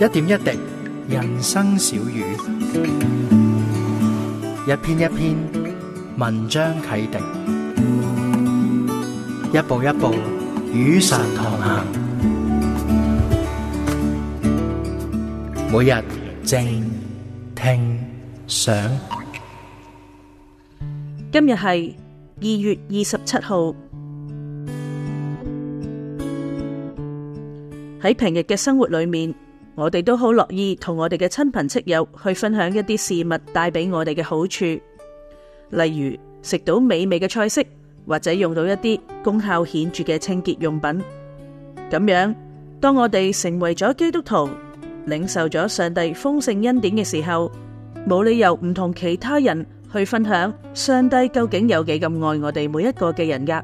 一點一滴，人生小雨；一篇一篇，文章啟迪；一步一步，與神同行。每日靜聽想，今日係二月二十七號。喺平日嘅生活裏面，我哋都好樂意同我哋嘅親朋戚友去分享一啲事物帶俾我哋嘅好處，例如食到美味嘅菜式，或者用到一啲功效顯著嘅清潔用品。咁樣，當我哋成為咗基督徒，領受咗上帝豐盛恩典嘅時候，冇理由唔同其他人去分享上帝究竟有幾咁愛我哋每一個嘅人㗎。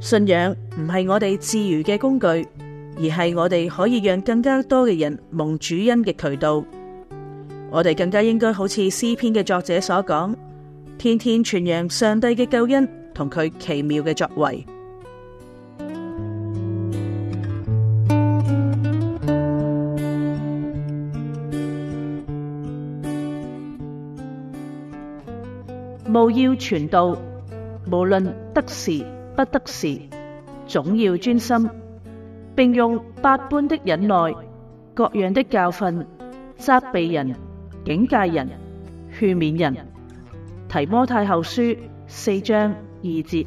信仰唔係我哋自娛嘅工具。而係我哋可以讓更加多嘅人蒙主恩嘅渠道，我哋更加應該好似詩篇嘅作者所講，天天傳揚上帝嘅救恩同佢奇妙嘅作為。務要傳道，無論得時不得時，總要專心。並用百般的忍耐，各樣的教訓，責備人、警戒人、勸勉人。提摩太後書四章二節。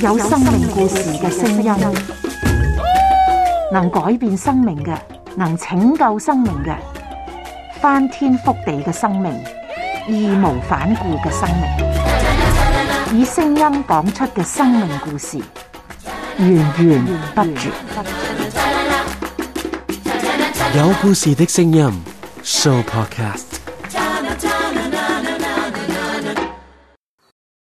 有生命故事嘅聲音，能改變生命嘅，能拯救生命嘅，翻天覆地嘅生命，義無反顧嘅生命，以聲音講出嘅生命故事，源源不絕。有故事嘅聲音，Sooo Podcast。